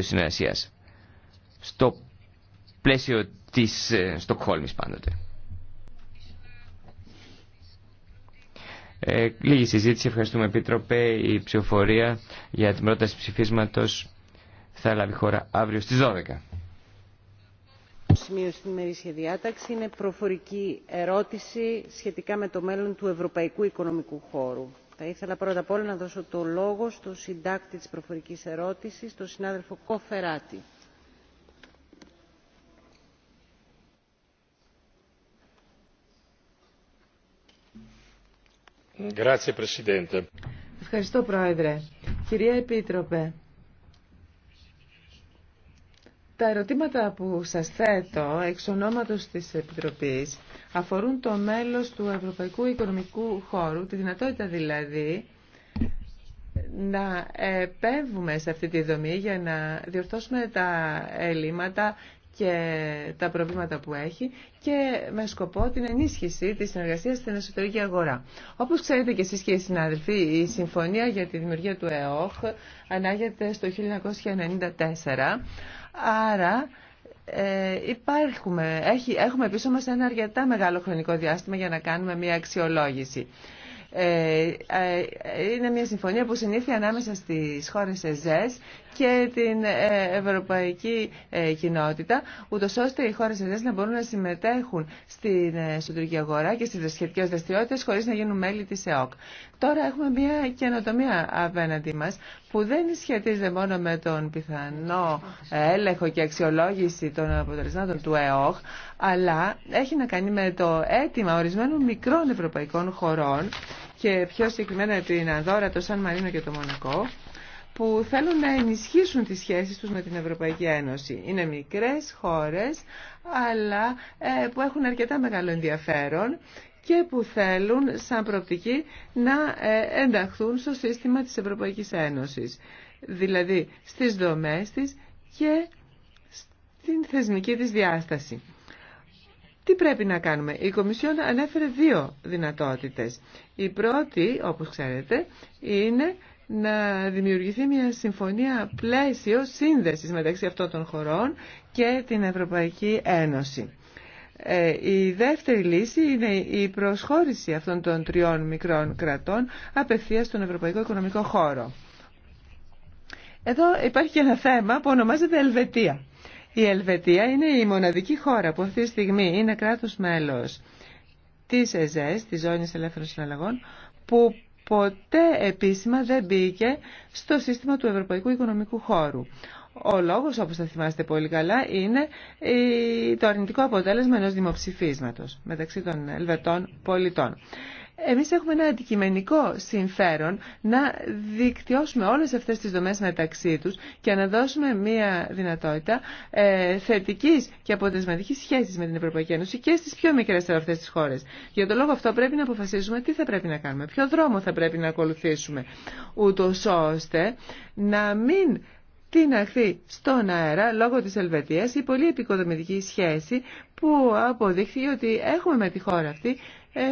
συνεργασίας στο πλαίσιο της ε, Στοκχόλμης πάντοτε. Ε, λίγη συζήτηση, ευχαριστούμε Επίτροπε. Η ψηφοφορία για την πρόταση ψηφίσματος θα λάβει χώρα αύριο στις 12. Σημείο στην ημερήσια διάταξη είναι προφορική ερώτηση σχετικά με το μέλλον του Ευρωπαϊκού Οικονομικού Χώρου. Θα ήθελα πρώτα απ' όλα να δώσω το λόγο στον συντάκτη της προφορικής ερώτησης, τον συνάδελφο Κοφεράτη. Ευχαριστώ, Πρόεδρε. Κυρία Επίτροπε, τα ερωτήματα που σας θέτω εξ ονόματος της Επιτροπής αφορούν το μέλος του Ευρωπαϊκού Οικονομικού Χώρου, τη δυνατότητα δηλαδή να επέμβουμε σε αυτή τη δομή για να διορθώσουμε τα ελλείμματα και τα προβλήματα που έχει και με σκοπό την ενίσχυση της συνεργασίας στην εσωτερική αγορά. Όπως ξέρετε και εσείς και οι συνάδελφοι, η Συμφωνία για τη Δημιουργία του ΕΟΧ ανάγεται στο 1994, άρα ε, υπάρχουμε, έχει, έχουμε πίσω μας ένα αρκετά μεγάλο χρονικό διάστημα για να κάνουμε μια αξιολόγηση. Ε, ε, είναι μια συμφωνία που συνήθει ανάμεσα στις χώρες ΕΖΕΣ και την ε, ευρωπαϊκή κοινότητα, ούτω ώστε οι χώρες ΕΖΕΣ να μπορούν να συμμετέχουν στην εσωτερική αγορά και στις σχετικέ δραστηριότητε χωρίς να γίνουν μέλη της ΕΟΚ. Τώρα έχουμε μια καινοτομία απέναντι μας που δεν σχετίζεται μόνο με τον πιθανό έλεγχο και αξιολόγηση των αποτελεσμάτων του ΕΟΧ, αλλά έχει να κάνει με το αίτημα ορισμένων μικρών ευρωπαϊκών χωρών και πιο συγκεκριμένα την Ανδόρα, το Σαν Μαρίνο και το Μονακό, που θέλουν να ενισχύσουν τις σχέσεις τους με την Ευρωπαϊκή Ένωση. Είναι μικρές χώρες, αλλά ε, που έχουν αρκετά μεγάλο ενδιαφέρον και που θέλουν σαν προοπτική να ε, ενταχθούν στο σύστημα της Ευρωπαϊκής Ένωσης. Δηλαδή στις δομές της και στην θεσμική της διάσταση. Τι πρέπει να κάνουμε. Η Κομισιόν ανέφερε δύο δυνατότητες. Η πρώτη, όπως ξέρετε, είναι να δημιουργηθεί μια συμφωνία πλαίσιο σύνδεσης μεταξύ αυτών των χωρών και την Ευρωπαϊκή Ένωση. Ε, η δεύτερη λύση είναι η προσχώρηση αυτών των τριών μικρών κρατών απευθείας στον Ευρωπαϊκό Οικονομικό Χώρο. Εδώ υπάρχει και ένα θέμα που ονομάζεται Ελβετία. Η Ελβετία είναι η μοναδική χώρα που αυτή τη στιγμή είναι κράτος μέλος της ΕΖΕΣ, της Ζώνης Ελεύθερων Συναλλαγών, που ποτέ επίσημα δεν μπήκε στο σύστημα του Ευρωπαϊκού Οικονομικού Χώρου. Ο λόγος, όπως θα θυμάστε πολύ καλά, είναι το αρνητικό αποτέλεσμα ενός δημοψηφίσματος μεταξύ των Ελβετών πολιτών. Εμείς έχουμε ένα αντικειμενικό συμφέρον να δικτυώσουμε όλες αυτές τις δομές μεταξύ τους και να δώσουμε μια δυνατότητα ε, θετικής και αποτελεσματικής σχέσης με την Ευρωπαϊκή Ένωση και στις πιο μικρές από αυτές τις χώρες. Για τον λόγο αυτό πρέπει να αποφασίσουμε τι θα πρέπει να κάνουμε, ποιο δρόμο θα πρέπει να ακολουθήσουμε, ούτω ώστε να μην την αχθεί στον αέρα λόγω της Ελβετίας η πολύ επικοδομητική σχέση που αποδείχθηκε ότι έχουμε με τη χώρα αυτή ε,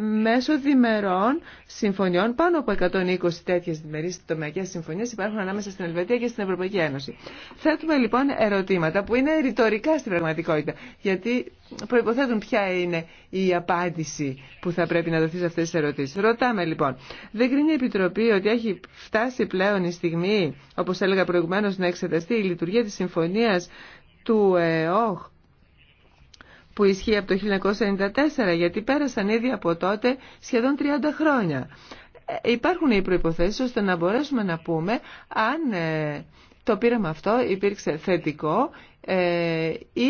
μέσω διμερών συμφωνιών. Πάνω από 120 τέτοιε διμερεί τομεακέ συμφωνίε υπάρχουν ανάμεσα στην Ελβετία και στην Ευρωπαϊκή Ένωση. Θέτουμε λοιπόν ερωτήματα που είναι ρητορικά στην πραγματικότητα, γιατί προποθέτουν ποια είναι η απάντηση που θα πρέπει να δοθεί σε αυτέ τι ερωτήσει. Ρωτάμε λοιπόν, δεν κρίνει η Επιτροπή ότι έχει φτάσει πλέον η στιγμή, όπω έλεγα προηγουμένω, να εξεταστεί η λειτουργία τη συμφωνία του ΕΟΧ που ισχύει από το 1994, γιατί πέρασαν ήδη από τότε σχεδόν 30 χρόνια. Ε, υπάρχουν οι προϋποθέσεις ώστε να μπορέσουμε να πούμε αν ε, το πείραμα αυτό υπήρξε θετικό ε, ή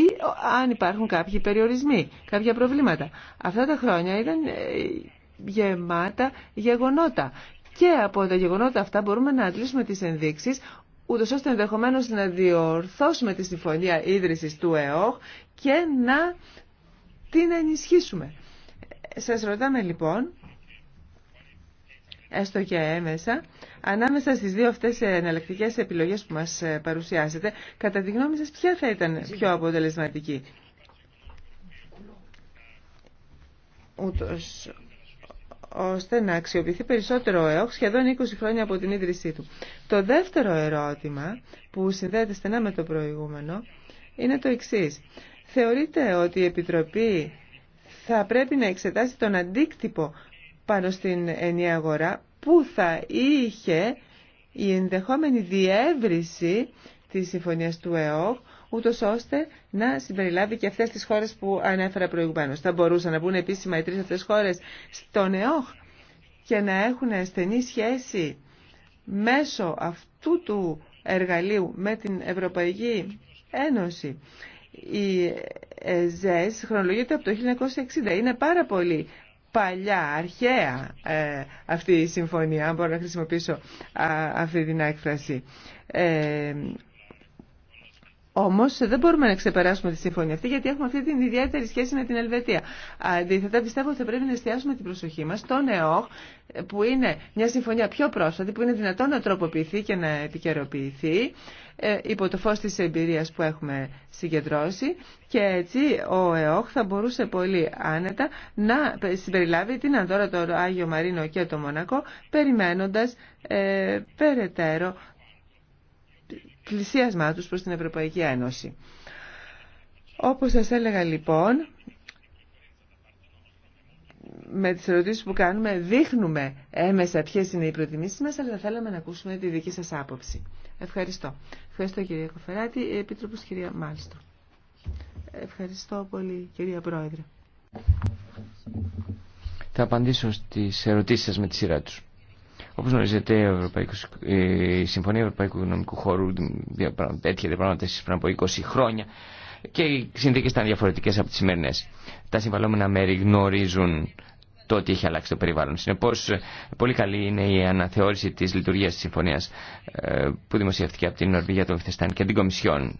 αν υπάρχουν κάποιοι περιορισμοί, κάποια προβλήματα. Αυτά τα χρόνια ήταν γεμάτα γεγονότα. Και από τα γεγονότα αυτά μπορούμε να αντλήσουμε τις ενδείξεις ούτω ώστε ενδεχομένω να διορθώσουμε τη συμφωνία ίδρυση του ΕΟΧ και να την ενισχύσουμε. Σας ρωτάμε λοιπόν, έστω και έμεσα, ανάμεσα στις δύο αυτές εναλλακτικέ επιλογές που μας ε, παρουσιάσετε, κατά τη γνώμη σα ποια θα ήταν πιο αποτελεσματική. Ούτως ώστε να αξιοποιηθεί περισσότερο ο ΕΟΚ σχεδόν 20 χρόνια από την ίδρυσή του. Το δεύτερο ερώτημα που συνδέεται στενά με το προηγούμενο είναι το εξή. Θεωρείτε ότι η Επιτροπή θα πρέπει να εξετάσει τον αντίκτυπο πάνω στην ενιαία αγορά που θα είχε η ενδεχόμενη διεύρυνση της συμφωνίας του ΕΟΚ ούτω ώστε να συμπεριλάβει και αυτέ τι χώρε που ανέφερα προηγουμένω. Θα μπορούσαν να μπουν επίσημα οι τρει αυτέ χώρε στον ΕΟΧ και να έχουν στενή σχέση μέσω αυτού του εργαλείου με την Ευρωπαϊκή Ένωση. Η ΕΖΕΣ χρονολογείται από το 1960. Είναι πάρα πολύ παλιά, αρχαία ε, αυτή η συμφωνία, αν μπορώ να χρησιμοποιήσω α, αυτή την έκφραση. Ε, Όμω δεν μπορούμε να ξεπεράσουμε τη συμφωνία αυτή γιατί έχουμε αυτή την ιδιαίτερη σχέση με την Ελβετία. Αντίθετα, πιστεύω ότι θα πρέπει να εστιάσουμε την προσοχή μα στον ΕΟΧ, που είναι μια συμφωνία πιο πρόσφατη, που είναι δυνατόν να τροποποιηθεί και να επικαιροποιηθεί ε, υπό το φως της εμπειρίας που έχουμε συγκεντρώσει και έτσι ο ΕΟΧ θα μπορούσε πολύ άνετα να συμπεριλάβει την Ανδόρα, το Άγιο Μαρίνο και το Μονακό περιμένοντας ε, περαιτέρω πλησίασμά τους προς την Ευρωπαϊκή Ένωση. Όπως σας έλεγα λοιπόν, με τις ερωτήσεις που κάνουμε δείχνουμε έμεσα ποιες είναι οι προτιμήσεις μας, αλλά θα θέλαμε να ακούσουμε τη δική σας άποψη. Ευχαριστώ. Ευχαριστώ κυρία Κοφεράτη, Επίτροπος κυρία Μάλιστο. Ευχαριστώ πολύ κυρία Πρόεδρε. Θα απαντήσω στις ερωτήσεις σας με τη σειρά τους. Όπως γνωρίζετε, η Συμφωνία Ευρωπαϊκού Οικονομικού Χώρου έτυχε διαπραγματεύσει πριν από 20 χρόνια και οι συνθήκε ήταν διαφορετικέ από τις σημερινέ. Τα συμβαλόμενα μέρη γνωρίζουν το ότι έχει αλλάξει το περιβάλλον. Συνεπώ, πολύ καλή είναι η αναθεώρηση τη λειτουργία τη συμφωνία ε, που δημοσιεύτηκε από την Νορβηγία, τον Χθεστάν και την Κομισιόν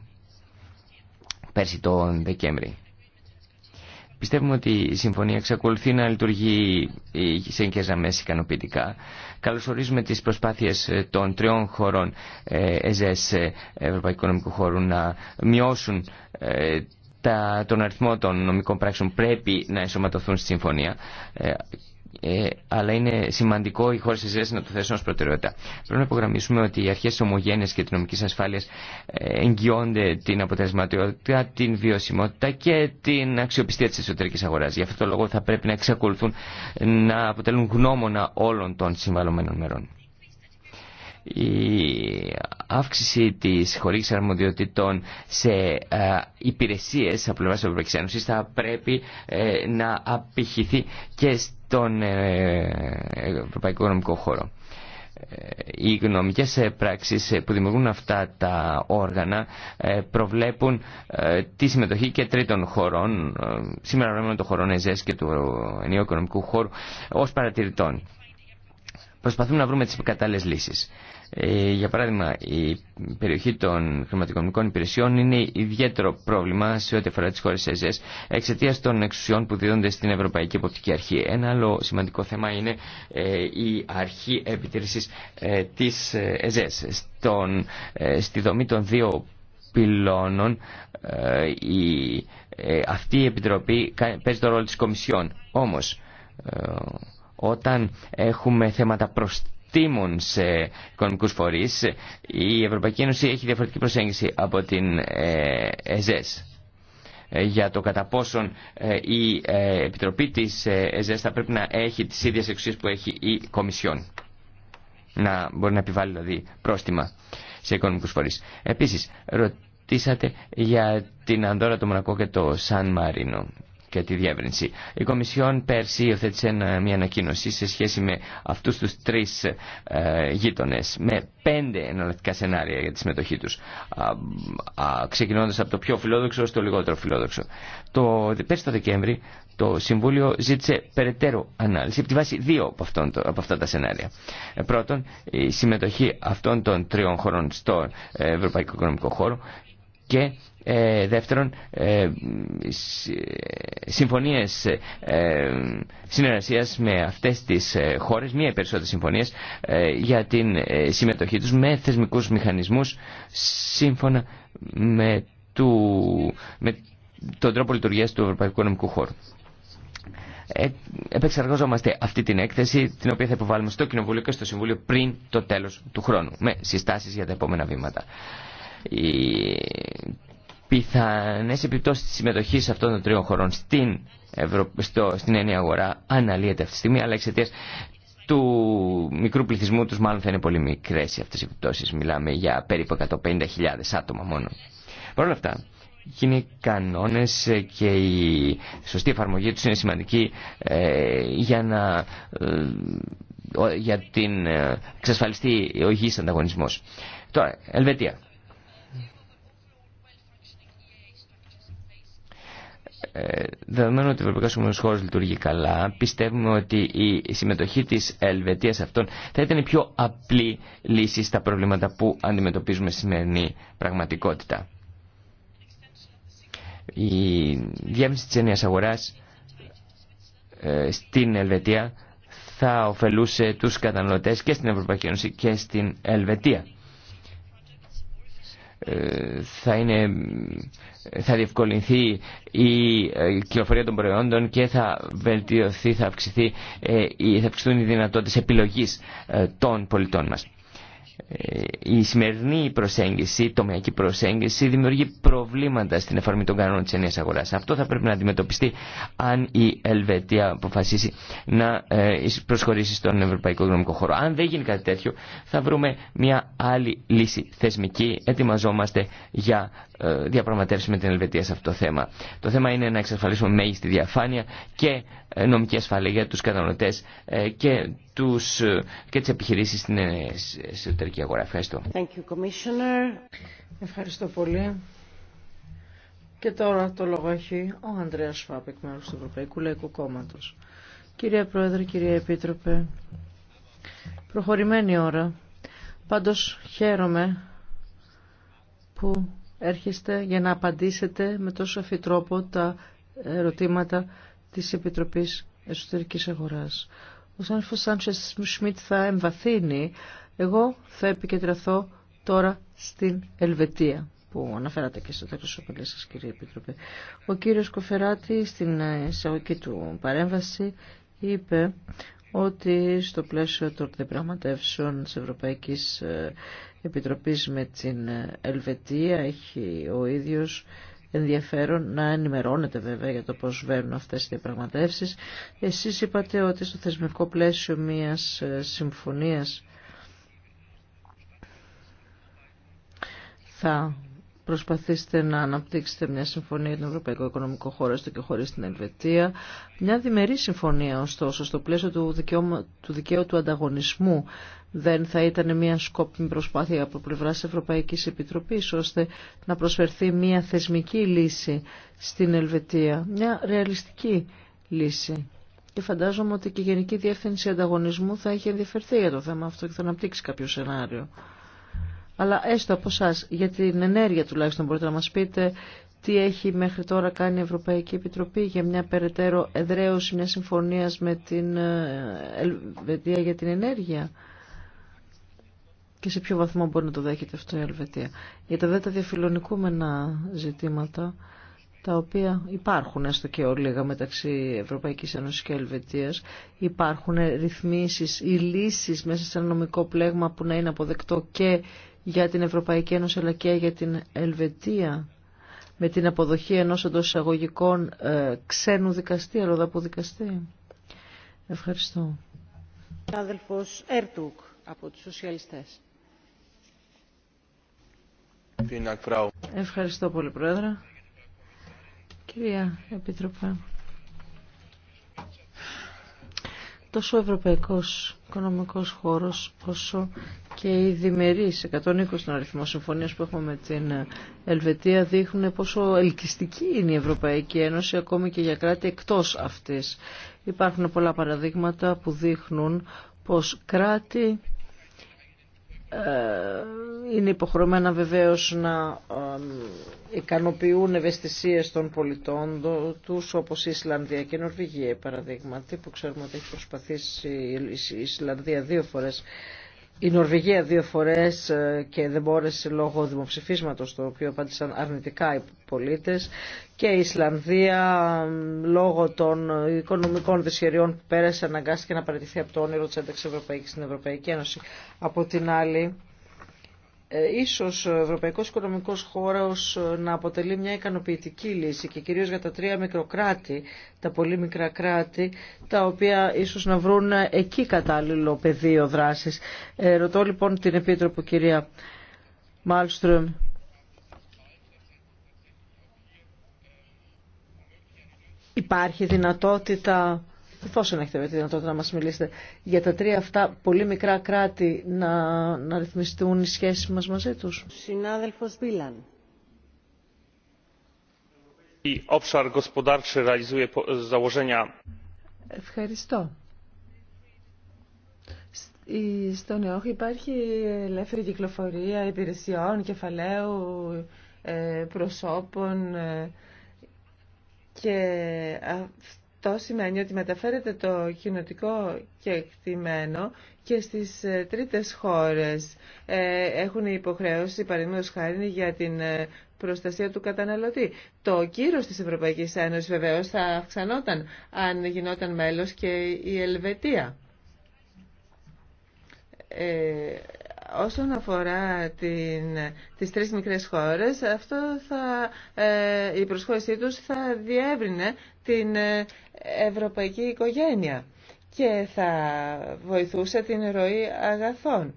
πέρσι τον Δεκέμβρη. Πιστεύουμε ότι η συμφωνία εξακολουθεί να λειτουργεί ε, σε εγκαίες ικανοποιητικά. Καλωσορίζουμε τις προσπάθειες ε, των τριών χωρών ε, ΕΖΕΣ Ευρωπαϊκού Οικονομικού Χώρου να μειώσουν τον αριθμό των νομικών πράξεων πρέπει να ενσωματωθούν στη συμφωνία ε, αλλά είναι σημαντικό οι χώρε τη να το θέσουν ω προτεραιότητα. Πρέπει να υπογραμμίσουμε ότι οι αρχέ τη ομογένεια και τη νομική ασφάλεια ε, εγγυώνται την αποτελεσματικότητα, την βιωσιμότητα και την αξιοπιστία τη εσωτερική αγορά. Γι' αυτό το λόγο θα πρέπει να εξακολουθούν να αποτελούν γνώμονα όλων των συμβαλωμένων μερών η αύξηση της χορήγησης αρμοδιοτήτων σε ε, υπηρεσίες από πλευράς της Ευρωπαϊκής θα πρέπει ε, να απηχηθεί και στον ε, Ευρωπαϊκό Οικονομικό Χώρο. Οι οικονομικές πράξεις που δημιουργούν αυτά τα όργανα προβλέπουν τη συμμετοχή και τρίτων χωρών, σήμερα βλέπουμε το χωρών ΕΖΕΣ και του ενίου οικονομικού χώρου, ως παρατηρητών. Προσπαθούμε να βρούμε τις κατάλληλες λύσεις. Ε, για παράδειγμα, η περιοχή των χρηματοοικονομικών υπηρεσιών είναι ιδιαίτερο πρόβλημα σε ό,τι αφορά τι χώρε ΕΖΕΣ εξαιτία των εξουσιών που δίδονται στην Ευρωπαϊκή Εποπτική Αρχή. Ένα άλλο σημαντικό θέμα είναι ε, η αρχή επιτήρηση ε, τη ΕΖΕΣ. στη δομή των δύο πυλώνων η, αυτή η επιτροπή παίζει το ρόλο της Κομισιόν. Όμως, όταν έχουμε θέματα προστασία τίμων σε οικονομικούς φορείς, η Ευρωπαϊκή Ένωση έχει διαφορετική προσέγγιση από την ε, ΕΖΕΣ ε, για το κατά πόσον ε, η Επιτροπή της ΕΖΕΣ θα πρέπει να έχει τις ίδιες εξουσίες που έχει η Κομισιόν. Να μπορεί να επιβάλλει δηλαδή πρόστιμα σε οικονομικούς φορείς. Επίσης, ρωτήσατε για την Ανδόρα, το Μονακό και το Σαν Μαρίνο και τη διεύρυνση. Η Κομισιόν πέρσι υιοθέτησε μια ανακοίνωση σε σχέση με αυτούς τους τρεις ε, γείτονε με πέντε εναλλακτικά σενάρια για τη συμμετοχή τους α, ξεκινώντας από το πιο φιλόδοξο στο λιγότερο φιλόδοξο. Το, πέρσι το Δεκέμβρη το Συμβούλιο ζήτησε περαιτέρω ανάλυση από τη βάση δύο από, από αυτά τα σενάρια. Ε, πρώτον, η συμμετοχή αυτών των τριών χωρών στο ε, Ευρωπαϊκό Οικονομικό Χώρο και ε, δεύτερον ε, ε, συμφωνίες ε, συνεργασίας με αυτές τις ε, χώρες, μία ή περισσότερες συμφωνίες για την συμμετοχή τους με θεσμικούς μηχανισμούς σύμφωνα με, με τον τρόπο λειτουργίας του Ευρωπαϊκού Νομικού Χώρου. Ε, επεξεργαζόμαστε αυτή την έκθεση την οποία θα υποβάλουμε στο Κοινοβούλιο και στο Συμβούλιο πριν το τέλος του χρόνου με συστάσεις για τα επόμενα βήματα οι πιθανές επιπτώσεις της συμμετοχής αυτών των τριών χωρών στην, Ευρω... στο... στην αγορά αναλύεται αυτή τη στιγμή, αλλά εξαιτία του μικρού πληθυσμού τους μάλλον θα είναι πολύ μικρές αυτές οι επιπτώσεις. Μιλάμε για περίπου 150.000 άτομα μόνο. Παρ' όλα αυτά, είναι κανόνες και η σωστή εφαρμογή τους είναι σημαντική ε, για να... Ε, για την ε, εξασφαλιστεί ο υγιής ανταγωνισμός. Τώρα, Ελβετία. Ε, δεδομένου ότι ο Ευρωπαϊκό ομονίες Χώρος λειτουργεί καλά, πιστεύουμε ότι η συμμετοχή της Ελβετίας αυτών θα ήταν η πιο απλή λύση στα προβλήματα που αντιμετωπίζουμε στη σημερινή πραγματικότητα. Η διεύρυνση της έννοιας αγοράς ε, στην Ελβετία θα ωφελούσε τους καταναλωτές και στην Ευρωπαϊκή Ένωση και στην Ελβετία θα, είναι, θα διευκολυνθεί ε, η κυκλοφορία των προϊόντων και θα βελτιωθεί, θα, αυξηθεί, ε, θα αυξηθούν οι δυνατότητες επιλογής ε, των πολιτών μας. Ε, η σημερινή προσέγγιση, η τομιακή προσέγγιση, δημιουργεί προβλήματα στην εφαρμή των κανόνων της ενίας αγοράς. Αυτό θα πρέπει να αντιμετωπιστεί αν η Ελβετία αποφασίσει να ε, προσχωρήσει στον Ευρωπαϊκό Οικονομικό Χώρο. Αν δεν γίνει κάτι τέτοιο, θα βρούμε μια άλλη λύση θεσμική. Ετοιμαζόμαστε για ε, διαπραγματεύσει με την Ελβετία σε αυτό το θέμα. Το θέμα είναι να εξασφαλίσουμε μέγιστη διαφάνεια και νομική ασφαλεία για τους καταναλωτές και τους, ε, και τις επιχειρήσεις στην ε, εσωτερική αγορά. Ευχαριστώ. Thank Ευχαριστώ πολύ. Και τώρα το λόγο έχει ο Ανδρέας Σφάπ, εκ του Ευρωπαϊκού Λαϊκού Κόμματος. Κυρία Πρόεδρε, κυρία Επίτροπε, προχωρημένη ώρα. Πάντως χαίρομαι που έρχεστε για να απαντήσετε με τόσο αφή τρόπο τα ερωτήματα της Επιτροπής Εσωτερικής Αγοράς. Ο Σάνφος Σάντσες Σμιτ θα εμβαθύνει. Εγώ θα επικεντρωθώ τώρα στην Ελβετία που αναφέρατε και στο τέλος τη κύριε Επίτροπε. Ο κύριος Κοφεράτη στην εισαγωγική του παρέμβαση είπε ότι στο πλαίσιο των διαπραγματεύσεων της Ευρωπαϊκής ε, Επιτροπής με την ε, Ελβετία έχει ο ίδιος ενδιαφέρον να ενημερώνετε βέβαια για το πώς βαίνουν αυτές οι διαπραγματεύσεις. Εσείς είπατε ότι στο θεσμικό πλαίσιο μιας ε, συμφωνίας θα Προσπαθήστε να αναπτύξετε μια συμφωνία για τον Ευρωπαϊκό Οικονομικό Χώρο έστω και χωρί την Ελβετία. Μια διμερή συμφωνία, ωστόσο, στο πλαίσιο του, του δικαίου του ανταγωνισμού, δεν θα ήταν μια σκόπιμη προσπάθεια από πλευρά τη Ευρωπαϊκή Επιτροπή, ώστε να προσφερθεί μια θεσμική λύση στην Ελβετία. Μια ρεαλιστική λύση. Και φαντάζομαι ότι και η Γενική Διεύθυνση Ανταγωνισμού θα έχει ενδιαφερθεί για το θέμα αυτό και θα αναπτύξει κάποιο σενάριο αλλά έστω από εσά για την ενέργεια τουλάχιστον μπορείτε να μα πείτε τι έχει μέχρι τώρα κάνει η Ευρωπαϊκή Επιτροπή για μια περαιτέρω εδραίωση μια συμφωνία ε, με την Ελβετία για την ενέργεια και σε ποιο βαθμό μπορεί να το δέχεται αυτό η Ελβετία. Για τα δε τα διαφιλονικούμενα ζητήματα τα οποία υπάρχουν έστω και ολίγα μεταξύ Ευρωπαϊκή Ένωση και Ελβετίας. Υπάρχουν ρυθμίσει, ή λύσει μέσα σε ένα νομικό πλέγμα που να είναι αποδεκτό και για την Ευρωπαϊκή Ένωση αλλά και για την Ελβετία με την αποδοχή ενός εντό εισαγωγικών ε, ξένου δικαστή, αλλοδαπού δικαστή. Ευχαριστώ. Άδελφος Ερτούκ από τους Σοσιαλιστές. Ευχαριστώ πολύ, Πρόεδρε. Κυρία Επίτροπε, τόσο ο Ευρωπαϊκός Οικονομικός Χώρος όσο και οι διμερείς 120 αριθμό συμφωνίες που έχουμε με την Ελβετία δείχνουν πόσο ελκυστική είναι η Ευρωπαϊκή Ένωση ακόμη και για κράτη εκτός αυτής. Υπάρχουν πολλά παραδείγματα που δείχνουν πως κράτη ε, είναι υποχρεωμένα βεβαίως να ε, ικανοποιούν ευαισθησίες των πολιτών τους όπως η Ισλανδία και η Νορβηγία παραδείγματι που ξέρουμε ότι έχει προσπαθήσει η Ισλανδία δύο φορές η Νορβηγία δύο φορές ε, και δεν μπόρεσε λόγω δημοψηφίσματος το οποίο απάντησαν αρνητικά οι πολίτες και η Ισλανδία λόγω των οικονομικών δυσχεριών που πέρασε αναγκάστηκε να παραιτηθεί από το όνειρο της ένταξης Ευρωπαϊκής στην Ευρωπαϊκή Ένωση. Από την άλλη ε, ίσως ο Ευρωπαϊκός Οικονομικός Χώρος ε, να αποτελεί μια ικανοποιητική λύση και κυρίως για τα τρία μικροκράτη, τα πολύ μικρά κράτη, τα οποία ίσως να βρουν εκεί κατάλληλο πεδίο δράσης. Ε, ρωτώ λοιπόν την Επίτροπο κυρία Μάλστρομ. Υπάρχει δυνατότητα να έχετε τη δυνατότητα να μας μιλήσετε, για τα τρία αυτά πολύ μικρά κράτη να, να ρυθμιστούν οι σχέσεις μας μαζί τους. Συνάδελφος Βίλαν. Ευχαριστώ. Στον ΕΟΧ υπάρχει ελεύθερη κυκλοφορία υπηρεσιών, κεφαλαίου, ε, προσώπων ε, και αυτό το σημαίνει ότι μεταφέρεται το κοινοτικό κεκτημένο και στις ε, τρίτες χώρες. Ε, έχουν υποχρέωση, παραδείγματος χάρη, για την ε, προστασία του καταναλωτή. Το κύρος της Ευρωπαϊκής Ένωσης βεβαίως θα αυξανόταν αν γινόταν μέλος και η Ελβετία. Ε, Όσον αφορά την, τις τρεις μικρές χώρες, αυτό θα, ε, η προσχώρησή τους θα διεύρυνε την ε, ευρωπαϊκή οικογένεια και θα βοηθούσε την ροή αγαθών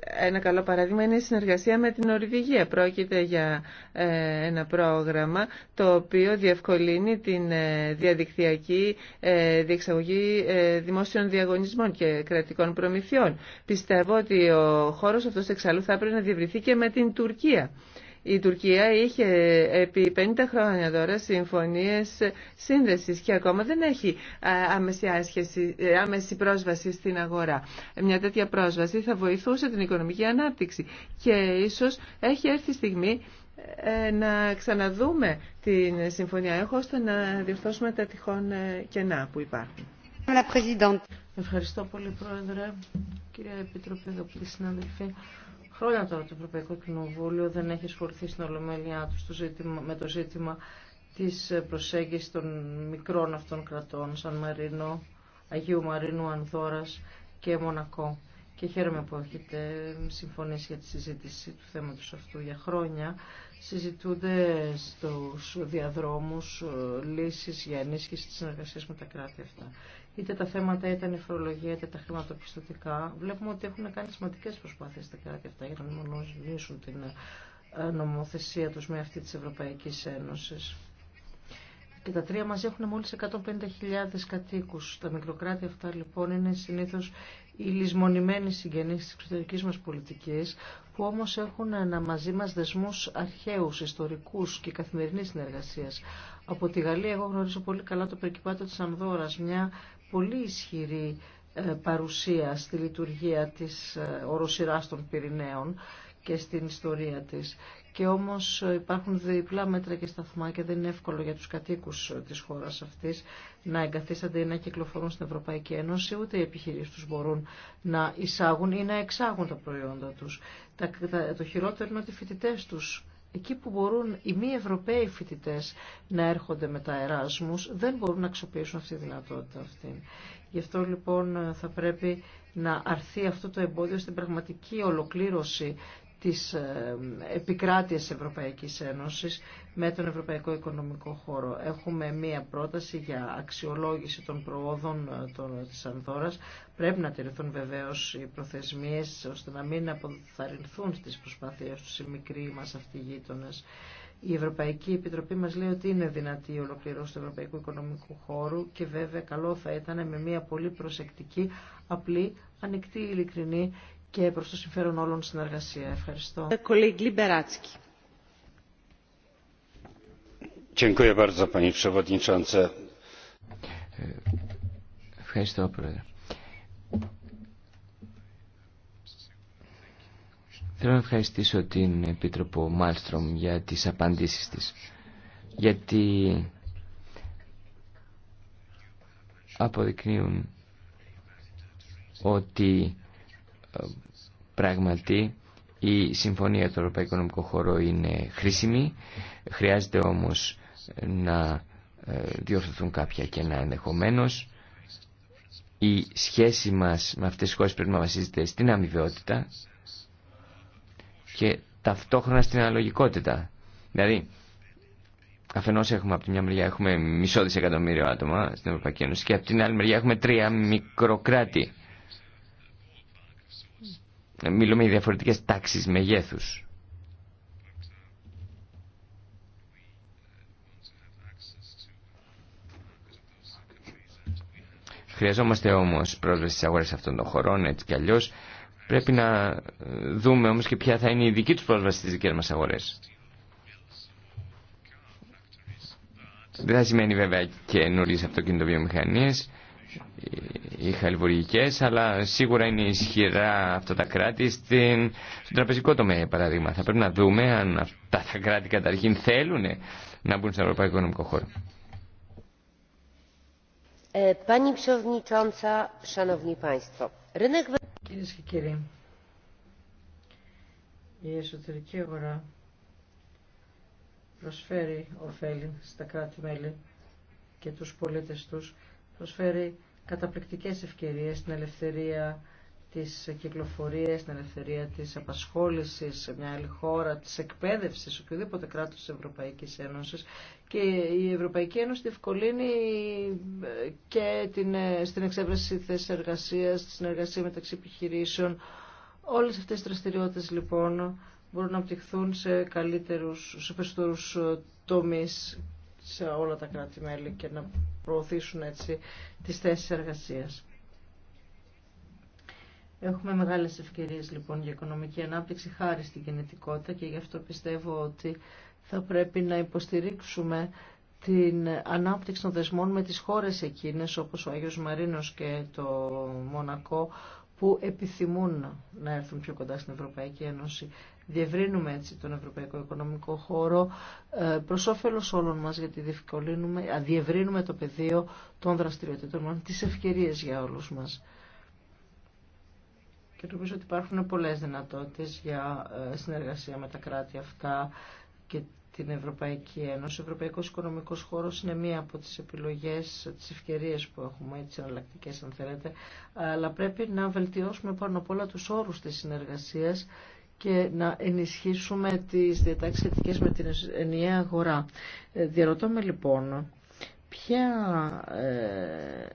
ένα καλό παράδειγμα είναι η συνεργασία με την Ορβηγία. Πρόκειται για ε, ένα πρόγραμμα το οποίο διευκολύνει την ε, διαδικτυακή ε, διεξαγωγή δημόσιων διαγωνισμών και κρατικών προμηθειών. Πιστεύω ότι ο χώρος αυτός εξάλλου θα έπρεπε να διευρυθεί και με την Τουρκία. Η Τουρκία είχε επί 50 χρόνια τώρα συμφωνίες σύνδεσης και ακόμα δεν έχει ε, άμεση, άσχεση, ε, άμεση πρόσβαση στην αγορά. Μια τέτοια πρόσβαση θα βοηθούσε την οικονομική ανάπτυξη και ίσως έχει έρθει η στιγμή ε, να ξαναδούμε την συμφωνία έχω ώστε να διορθώσουμε τα τυχόν κενά που υπάρχουν. Ευχαριστώ πολύ Πρόεδρε, κυρία Επιτροπή, Χρόνια τώρα το Ευρωπαϊκό Κοινοβούλιο δεν έχει ασχοληθεί στην ολομέλειά του ζήτημα, με το ζήτημα της προσέγγισης των μικρών αυτών κρατών, Σαν Μαρίνο, Αγίου Μαρίνου, Ανδόρας και Μονακό. Και χαίρομαι που έχετε συμφωνήσει για τη συζήτηση του θέματος αυτού για χρόνια. Συζητούνται στους διαδρόμους ε, λύσεις για ενίσχυση της συνεργασίας με τα κράτη αυτά είτε τα θέματα ήταν η φορολογία, είτε τα χρηματοπιστωτικά, βλέπουμε ότι έχουν κάνει σημαντικέ προσπάθειε τα κράτη αυτά για να μονοσυνήσουν την ε, νομοθεσία του με αυτή τη Ευρωπαϊκή Ένωση. Και τα τρία μαζί έχουν μόλις 150.000 κατοίκους. Τα μικροκράτη αυτά λοιπόν είναι συνήθως οι λησμονημένοι συγγενείς της εξωτερικής μας πολιτικής, που όμως έχουν ένα μαζί μας δεσμούς αρχαίους, ιστορικούς και καθημερινής συνεργασίας. Από τη Γαλλία εγώ γνωρίζω πολύ καλά το περικυπάτο της Ανδόρας, μια πολύ ισχυρή ε, παρουσία στη λειτουργία της ε, οροσυράς των Πυρηναίων και στην ιστορία της. Και όμως ε, υπάρχουν διπλά μέτρα και σταθμά και δεν είναι εύκολο για τους κατοίκους της χώρας αυτής να εγκαθίστανται ή να κυκλοφορούν στην Ευρωπαϊκή Ένωση, ούτε οι επιχειρήσεις τους μπορούν να εισάγουν ή να εξάγουν τα προϊόντα τους. Το χειρότερο είναι ότι οι φοιτητές τους εκεί που μπορούν οι μη Ευρωπαίοι φοιτητέ να έρχονται με τα εράσμου, δεν μπορούν να αξιοποιήσουν αυτή τη δυνατότητα αυτή. Γι' αυτό λοιπόν θα πρέπει να αρθεί αυτό το εμπόδιο στην πραγματική ολοκλήρωση της ε, επικράτειας Ευρωπαϊκής Ένωσης με τον Ευρωπαϊκό Οικονομικό Χώρο. Έχουμε μία πρόταση για αξιολόγηση των προόδων ε, της Ανδόρας. Πρέπει να τηρηθούν βεβαίως οι προθεσμίες ώστε να μην αποθαρρυνθούν στις προσπάθειες τους οι μικροί μας αυτοί γείτονες. Η Ευρωπαϊκή Επιτροπή μας λέει ότι είναι δυνατή η ολοκληρώση του Ευρωπαϊκού Οικονομικού Χώρου και βέβαια καλό θα ήταν με μια πολύ προσεκτική, απλή, ανοιχτή, ειλικρινή και προς το συμφέρον όλων στην εργασία. Ευχαριστώ. Ε, ε, ευχαριστώ, Πρόεδρε. Θέλω να ευχαριστήσω την Επίτροπο Μάλστρομ για τις απαντήσεις της. Γιατί αποδεικνύουν ότι Πράγματι, η Συμφωνία του Ευρωπαϊκού Οικονομικού Χώρου είναι χρήσιμη, χρειάζεται όμως να ε, διορθωθούν κάποια κενά ενδεχομένω. Η σχέση μας με αυτές τις χώρες πρέπει να βασίζεται στην αμοιβαιότητα και ταυτόχρονα στην αναλογικότητα. Δηλαδή, αφενός έχουμε από τη μια μεριά έχουμε μισό δισεκατομμύριο άτομα στην Ευρωπαϊκή Ένωση και από την άλλη μεριά έχουμε τρία μικροκράτη. Μιλούμε για διαφορετικές τάξεις μεγέθους. Χρειαζόμαστε όμως πρόσβαση στις αγορές αυτών των χωρών, έτσι κι αλλιώς. Πρέπει να ε, δούμε όμως και ποια θα είναι η δική τους πρόσβαση στις δικές μας αγορές. Δεν θα σημαίνει βέβαια νουρίς αυτοκίνητο-βιομηχανίες οι χαλβουργικέ, αλλά σίγουρα είναι ισχυρά αυτά τα κράτη στην, στον τραπεζικό τομέα, παράδειγμα. Θα πρέπει να δούμε αν αυτά τα κράτη καταρχήν θέλουν να μπουν στον Ευρωπαϊκό Οικονομικό Χώρο. Ε, Κυρίε και κύριοι, η εσωτερική αγορά προσφέρει ωφέλη στα κράτη-μέλη και τους πολίτες τους προσφέρει καταπληκτικές ευκαιρίες στην ελευθερία της κυκλοφορίας, στην ελευθερία της απασχόλησης σε μια άλλη χώρα, της εκπαίδευσης, οποιοδήποτε κράτος της Ευρωπαϊκής Ένωσης. Και η Ευρωπαϊκή Ένωση διευκολύνει ε, και την, ε, στην εξέβρεση θέσης εργασίας, τη συνεργασία μεταξύ επιχειρήσεων. Όλες αυτές οι δραστηριότητε λοιπόν μπορούν να απτυχθούν σε καλύτερους, σε περισσότερους ε, τομείς σε όλα τα κράτη-μέλη και να προωθήσουν έτσι τις θέσεις εργασίας. Έχουμε μεγάλες ευκαιρίες λοιπόν για οικονομική ανάπτυξη χάρη στην κινητικότητα και γι' αυτό πιστεύω ότι θα πρέπει να υποστηρίξουμε την ανάπτυξη των δεσμών με τις χώρες εκείνες όπως ο Άγιος Μαρίνος και το Μονακό που επιθυμούν να έρθουν πιο κοντά στην Ευρωπαϊκή Ένωση. Διευρύνουμε έτσι τον Ευρωπαϊκό Οικονομικό Χώρο ε, προ όφελο όλων μα, γιατί διευρύνουμε το πεδίο των δραστηριοτήτων μα, τι ευκαιρίε για όλου μα. Και νομίζω ότι υπάρχουν πολλέ δυνατότητε για ε, συνεργασία με τα κράτη αυτά και την Ευρωπαϊκή Ένωση. Ο Ευρωπαϊκό Οικονομικό Χώρο είναι μία από τι επιλογέ, τι ευκαιρίε που έχουμε, τι εναλλακτικέ αν θέλετε, αλλά πρέπει να βελτιώσουμε πάνω απ' όλα του όρου τη συνεργασία και να ενισχύσουμε τις διατάξεις σχετικέ με την ενιαία αγορά. Ε, διαρωτώ με λοιπόν, ποια ε,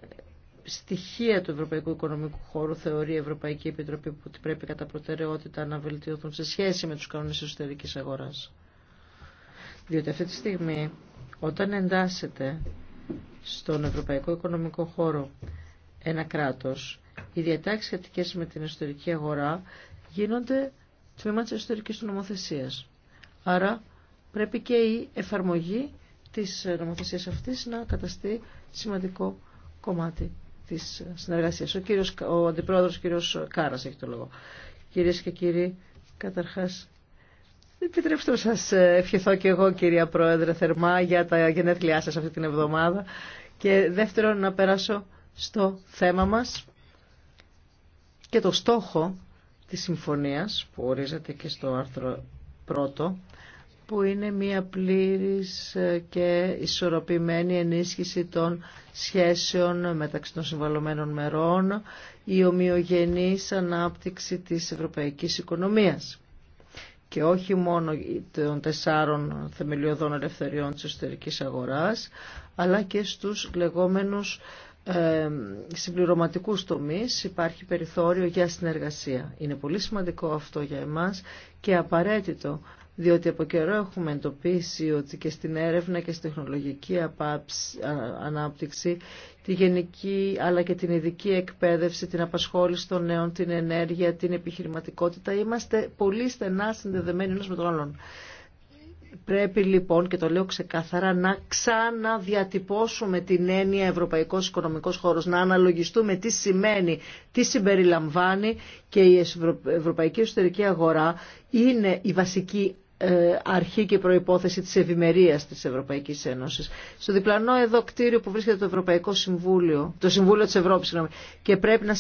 στοιχεία του Ευρωπαϊκού Οικονομικού Χώρου θεωρεί η Ευρωπαϊκή Επιτροπή που πρέπει κατά προτεραιότητα να βελτιωθούν σε σχέση με τους κανόνες εσωτερικής αγοράς. Διότι αυτή τη στιγμή όταν εντάσσεται στον Ευρωπαϊκό Οικονομικό Χώρο ένα κράτος, οι διατάξεις σχετικέ με την εσωτερική αγορά γίνονται τμήμα της εσωτερικής του νομοθεσίας. Άρα πρέπει και η εφαρμογή της νομοθεσίας αυτής να καταστεί σημαντικό κομμάτι της συνεργασίας. Ο, κύριος, ο αντιπρόεδρος κύριος Κάρας έχει το λόγο. Κυρίες και κύριοι, καταρχάς Επιτρέψτε να σας ευχηθώ και εγώ κυρία Πρόεδρε θερμά για τα γενέθλιά σας αυτή την εβδομάδα και δεύτερον να περάσω στο θέμα μας και το στόχο της συμφωνίας που ορίζεται και στο άρθρο πρώτο, που είναι μια πλήρης και ισορροπημένη ενίσχυση των σχέσεων μεταξύ των συμβαλωμένων μερών, η ομοιογενής ανάπτυξη της ευρωπαϊκής οικονομίας και όχι μόνο των τεσσάρων θεμελιωδών ελευθεριών της εσωτερικής αγοράς, αλλά και στους λεγόμενους συμπληρωματικούς τομείς υπάρχει περιθώριο για συνεργασία. Είναι πολύ σημαντικό αυτό για εμάς και απαραίτητο διότι από καιρό έχουμε εντοπίσει ότι και στην έρευνα και στην τεχνολογική ανάπτυξη, τη γενική αλλά και την ειδική εκπαίδευση, την απασχόληση των νέων, την ενέργεια, την επιχειρηματικότητα, είμαστε πολύ στενά συνδεδεμένοι ένας με τον άλλον. Πρέπει λοιπόν, και το λέω ξεκάθαρα, να ξαναδιατυπώσουμε την έννοια Ευρωπαϊκός Οικονομικός Χώρος, να αναλογιστούμε τι σημαίνει, τι συμπεριλαμβάνει και η Ευρωπαϊκή Εσωτερική Αγορά είναι η βασική ε, αρχή και προϋπόθεση της ευημερία της Ευρωπαϊκής Ένωσης. Στο διπλανό εδώ κτίριο που βρίσκεται το Ευρωπαϊκό Συμβούλιο, το Συμβούλιο της Ευρώπης, και πρέπει να,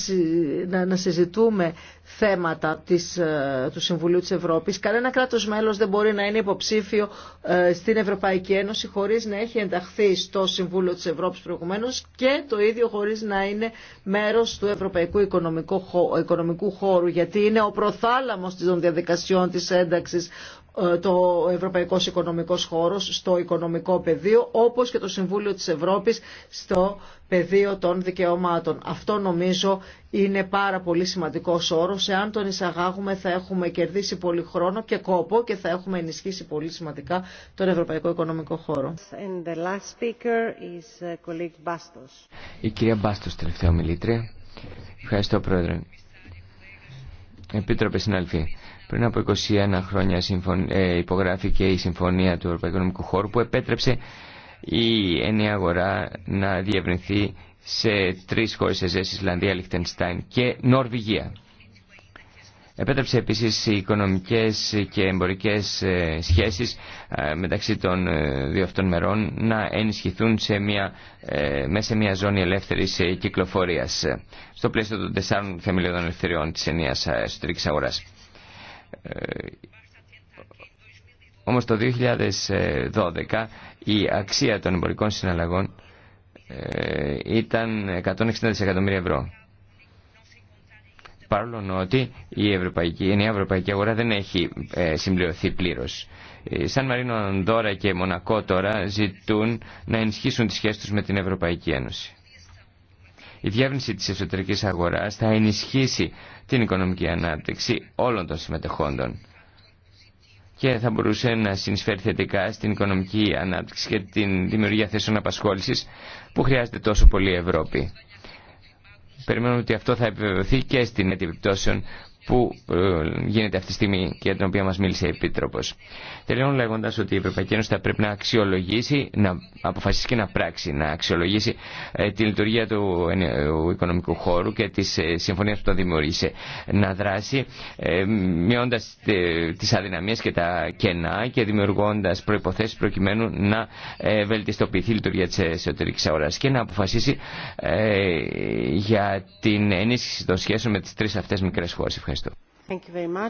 να, να συζητούμε θέματα της, ε, του Συμβουλίου της Ευρώπης. Κανένα κράτος μέλος δεν μπορεί να είναι υποψήφιο ε, στην Ευρωπαϊκή Ένωση χωρίς να έχει ενταχθεί στο Συμβούλιο της Ευρώπης προηγουμένως και το ίδιο χωρίς να είναι μέρος του Ευρωπαϊκού Οικονομικού, Χώρου, γιατί είναι ο προθάλαμος των διαδικασιών της ένταξης ε, το Ευρωπαϊκός Οικονομικός Χώρος στο οικονομικό πεδίο, όπως και το Συμβούλιο της Ευρώπης στο πεδίο των δικαιωμάτων. Αυτό νομίζω είναι πάρα πολύ σημαντικό όρο, Εάν τον εισαγάγουμε θα έχουμε κερδίσει πολύ χρόνο και κόπο και θα έχουμε ενισχύσει πολύ σημαντικά τον Ευρωπαϊκό Οικονομικό Χώρο. Uh, Η κυρία τελευταία ομιλήτρια. Ευχαριστώ, Πρόεδρε. Πριν από 21 χρόνια ε, υπογράφηκε η Συμφωνία του Ευρωπαϊκού Χώρου που επέτρεψε η ενιαία αγορά να διευρυνθεί σε τρεις χώρες ΕΖΕΣ, Ισλανδία, Λιχτενστάιν και Νορβηγία. Επέτρεψε επίσης οι οικονομικές και εμπορικές ε, σχέσεις ε, μεταξύ των δύο αυτών μερών να ενισχυθούν σε μια, μέσα σε μια ζώνη ελεύθερης κυκλοφορίας στο πλαίσιο των τεσσάρων θεμελιωδών ελευθεριών της ενιαίας εσωτερική αγορά. Ε, όμως το 2012 η αξία των εμπορικών συναλλαγών ε, ήταν 160 δισεκατομμύρια ευρώ. Παρόλο ότι η, ευρωπαϊκή, η ευρωπαϊκή αγορά δεν έχει ε, συμπληρωθεί πλήρως. Σαν Μαρίνο Ανδόρα και Μονακό τώρα ζητούν να ενισχύσουν τις σχέσεις τους με την Ευρωπαϊκή Ένωση. Η διεύρυνση της εσωτερικής αγοράς θα ενισχύσει την οικονομική ανάπτυξη όλων των συμμετεχόντων και θα μπορούσε να συνεισφέρει θετικά στην οικονομική ανάπτυξη και την δημιουργία θέσεων απασχόλησης που χρειάζεται τόσο πολύ η Ευρώπη. Περιμένουμε ότι αυτό θα επιβεβαιωθεί και στην επιπτώσεων που ε, γίνεται αυτή τη στιγμή και για την οποία μας μίλησε η Επίτροπος. Τελειώνω λέγοντας ότι η Ευρωπαϊκή Ένωση θα πρέπει να αξιολογήσει, να αποφασίσει και να πράξει, να αξιολογήσει ε, τη λειτουργία ε, του οικονομικού χώρου και της συμφωνίας που το δημιουργήσε, να δράσει μειώντας τις αδυναμίες και τα κενά και δημιουργώντας προϋποθέσεις προκειμένου να βελτιστοποιηθεί η λειτουργία της εσωτερικής αγοράς και να αποφασίσει για την ενίσχυση των σχέσεων με τις τρεις αυτές μικρές χώρες. Ευχαριστώ.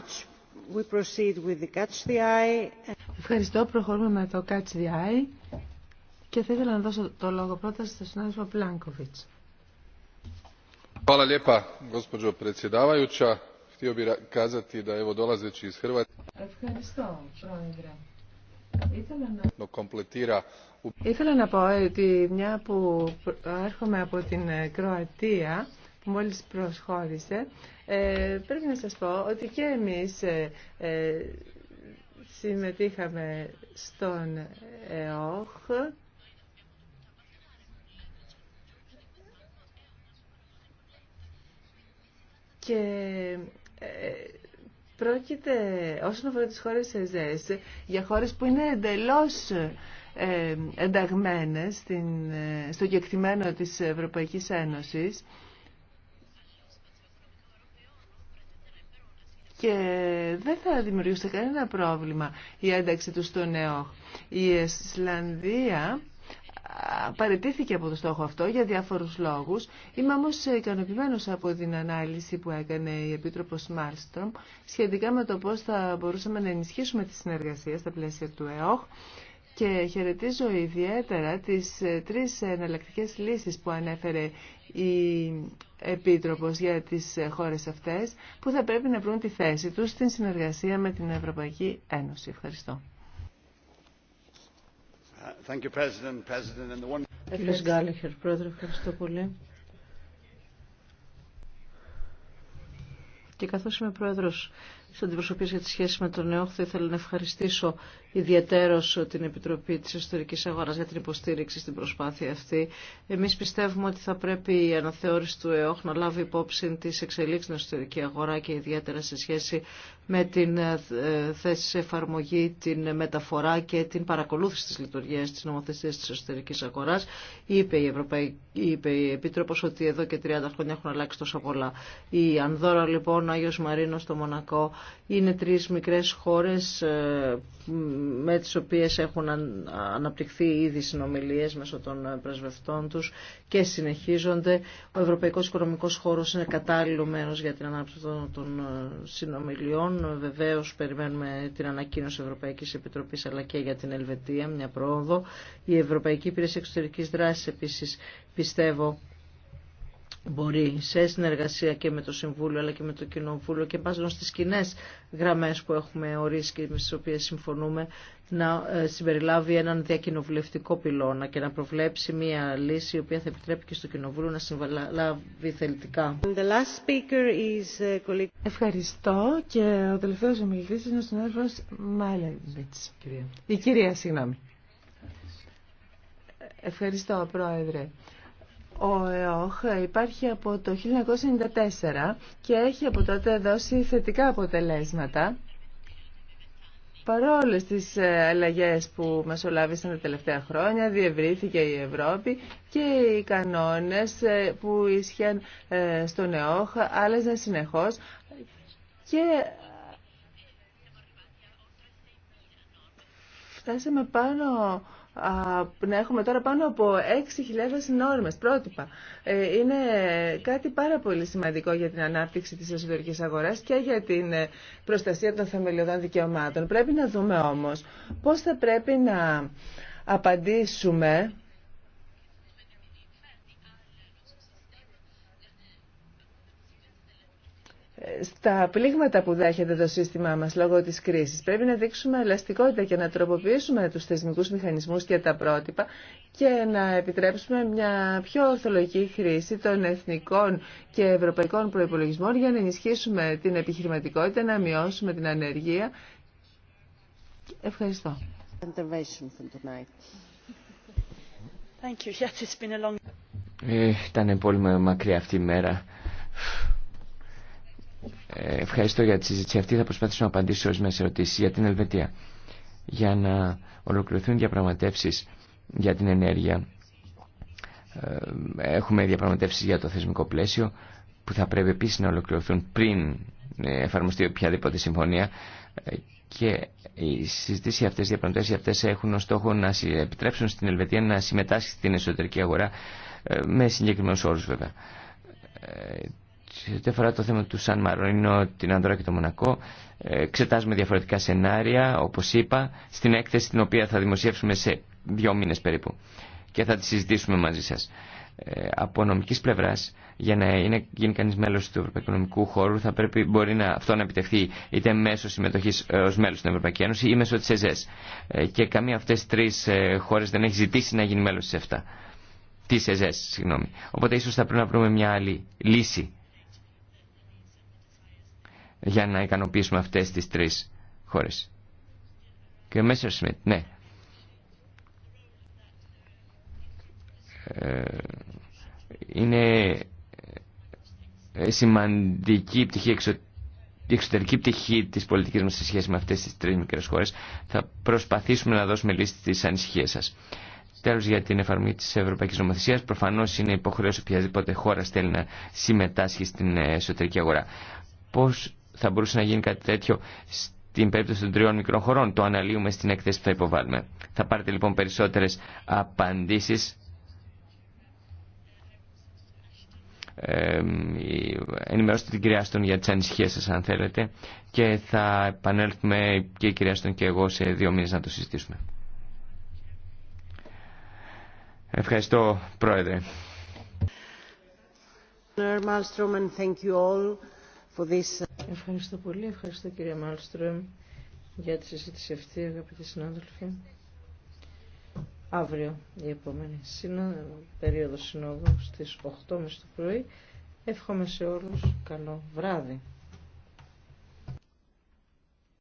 Ευχαριστώ. Προχωρούμε με το Catch the Eye. Και θα ήθελα να δώσω το λόγο πρώτα στον συνάδελφο Πλάνκοβιτ. Ευχαριστώ, πρόεδρε. Ήθελα να... Ήθελα να πω ότι μια που έρχομαι από την ε, Κροατία, που μόλις προσχώρησε, ε, πρέπει να σας πω ότι και εμείς ε, ε, συμμετείχαμε στον ΕΟΧ και πρόκειται όσον αφορά τις χώρες ΕΖΕΣ για χώρες που είναι εντελώς ενταγμένες στο κεκτημένο της Ευρωπαϊκής Ένωσης και δεν θα δημιουργούσε κανένα πρόβλημα η ένταξη του στον ΕΟΧ. Η Ισλανδία παρετήθηκε από το στόχο αυτό για διάφορους λόγους. Είμαι όμως ικανοποιημένο από την ανάλυση που έκανε η Επίτροπος Μάλστρομ σχετικά με το πώς θα μπορούσαμε να ενισχύσουμε τη συνεργασία στα πλαίσια του ΕΟΧ και χαιρετίζω ιδιαίτερα τις ε, τρεις εναλλακτικέ λύσεις που ανέφερε η Επίτροπος για τις ε, χώρες αυτές που θα πρέπει να βρουν τη θέση τους στην συνεργασία με την Ευρωπαϊκή Ένωση. Ευχαριστώ. Πρόεδρε, ευχαριστώ πολύ. Και καθώς είμαι Πρόεδρος της Αντιπροσωπείας για τι σχέσει με τον ΕΟΧ θα ήθελα να ευχαριστήσω ιδιαίτερω την Επιτροπή τη Ιστορική αγορά για την υποστήριξη στην προσπάθεια αυτή. Εμεί πιστεύουμε ότι θα πρέπει η αναθεώρηση του ΕΟΧ να λάβει υπόψη τι εξελίξει στην εσωτερική αγορά και ιδιαίτερα σε σχέση με την ε, θέση σε εφαρμογή, την μεταφορά και την παρακολούθηση τη λειτουργία τη νομοθεσία τη εσωτερική αγορά. Είπε η, Ευρωπαϊκή, η ότι εδώ και 30 χρόνια έχουν αλλάξει τόσο πολλά. Η Ανδώρα, λοιπόν, ο Μαρίνο Μαρίνο στο Μονακό, είναι τρεις μικρές χώρες ε, με τις οποίες έχουν αναπτυχθεί ήδη συνομιλίες μέσω των ε, πρεσβευτών τους και συνεχίζονται. Ο Ευρωπαϊκός Οικονομικός Χώρος είναι κατάλληλο μέρος για την ανάπτυξη των ε, συνομιλιών. Βεβαίως περιμένουμε την ανακοίνωση Ευρωπαϊκής Επιτροπής αλλά και για την Ελβετία, μια πρόοδο. Η Ευρωπαϊκή Υπηρεσία Εξωτερικής Δράσης επίσης πιστεύω μπορεί σε συνεργασία και με το Συμβούλιο αλλά και με το Κοινοβούλιο και πάνω στις κοινέ γραμμές που έχουμε ορίσει και με τις οποίες συμφωνούμε να ε, συμπεριλάβει έναν διακοινοβουλευτικό πυλώνα και να προβλέψει μια λύση η οποία θα επιτρέπει και στο Κοινοβούλιο να συμβαλάβει θελητικά. Ε, Ευχαριστώ και ο τελευταίος ομιλητής είναι ο συνάδελφος Μάιλενβιτς. Η κυρία, συγγνώμη. Ευχαριστώ, Πρόεδρε. Ο ΕΟΧ υπάρχει από το 1994 και έχει από τότε δώσει θετικά αποτελέσματα Παρόλε τις ε, αλλαγέ που μεσολάβησαν τα τελευταία χρόνια, διευρύθηκε η Ευρώπη και οι κανόνες ε, που ίσχυαν ε, στον ΕΟΧ άλλαζαν συνεχώς και φτάσαμε πάνω να έχουμε τώρα πάνω από 6.000 νόρμες, πρότυπα. Ε, είναι κάτι πάρα πολύ σημαντικό για την ανάπτυξη της εσωτερικής αγοράς και για την ε, προστασία των θεμελιωδών δικαιωμάτων. Πρέπει να δούμε όμως πώς θα πρέπει να απαντήσουμε στα πλήγματα που δέχεται το σύστημά μας λόγω της κρίσης. Πρέπει να δείξουμε ελαστικότητα και να τροποποιήσουμε τους θεσμικούς μηχανισμούς και τα πρότυπα και να επιτρέψουμε μια πιο ορθολογική χρήση των εθνικών και ευρωπαϊκών προϋπολογισμών για να ενισχύσουμε την επιχειρηματικότητα, να μειώσουμε την ανεργία. Ευχαριστώ. Ε, Ήταν πολύ μακριά αυτή η μέρα. Ε, ευχαριστώ για τη συζήτηση αυτή. Θα προσπαθήσω να απαντήσω ορισμένε ερωτήσει για την Ελβετία. Για να ολοκληρωθούν διαπραγματεύσει για την ενέργεια, ε, έχουμε διαπραγματεύσει για το θεσμικό πλαίσιο που θα πρέπει επίση να ολοκληρωθούν πριν ε, εφαρμοστεί οποιαδήποτε συμφωνία και οι συζητήσει αυτέ, οι διαπραγματεύσει αυτέ έχουν ως στόχο να επιτρέψουν στην Ελβετία να συμμετάσχει στην εσωτερική αγορά με συγκεκριμένου όρου βέβαια σε ό,τι αφορά το θέμα του Σαν Μαρονίνο, την Ανδρά και το Μονακό, ε, εξετάζουμε διαφορετικά σενάρια, όπω είπα, στην έκθεση την οποία θα δημοσιεύσουμε σε δύο μήνε περίπου και θα τη συζητήσουμε μαζί σας. Ε, από νομική πλευρά για να είναι, γίνει κανεί μέλο του Ευρωπαϊκού Χώρου, θα πρέπει μπορεί να, αυτό να επιτευχθεί είτε μέσω συμμετοχή ε, ω μέλο στην Ευρωπαϊκή Ένωση ή μέσω της ΕΖΕΣ. και καμία αυτές τρει τρεις χώρες δεν έχει ζητήσει να γίνει μέλο τη ΕΖΕΣ, Οπότε ίσω θα πρέπει να βρούμε μια άλλη λύση για να ικανοποιήσουμε αυτές τις τρεις χώρες. Και ο Μέσσερ Σμιτ, ναι. Ε, είναι ε, σημαντική πτυχή, η εξωτερική πτυχή της πολιτικής μας σε σχέση με αυτές τις τρεις μικρές χώρες. Θα προσπαθήσουμε να δώσουμε λύση στις ανησυχίες σας. Τέλος για την εφαρμογή της Ευρωπαϊκής Νομοθεσίας. Προφανώς είναι υποχρέωση οποιαδήποτε χώρα θέλει να συμμετάσχει στην ε, εσωτερική αγορά. Πώς θα μπορούσε να γίνει κάτι τέτοιο στην περίπτωση των τριών μικρών χωρών. Το αναλύουμε στην εκθέση που θα υποβάλουμε. Θα πάρετε λοιπόν περισσότερες απαντήσει. Ε, ενημερώστε την κυρία Στον για τις ανησυχίες σας αν θέλετε και θα επανέλθουμε και η κυρία Στον και εγώ σε δύο μήνες να το συζητήσουμε. Ευχαριστώ Πρόεδρε. Ευχαριστώ πολύ, ευχαριστώ κυρία Μάλστρομ για τη συζήτηση αυτή, αγαπητοί συνάδελφοι. Αύριο η επόμενη σύνο, περίοδο συνόδου στις 8.30 το πρωί. Εύχομαι σε όλους καλό βράδυ.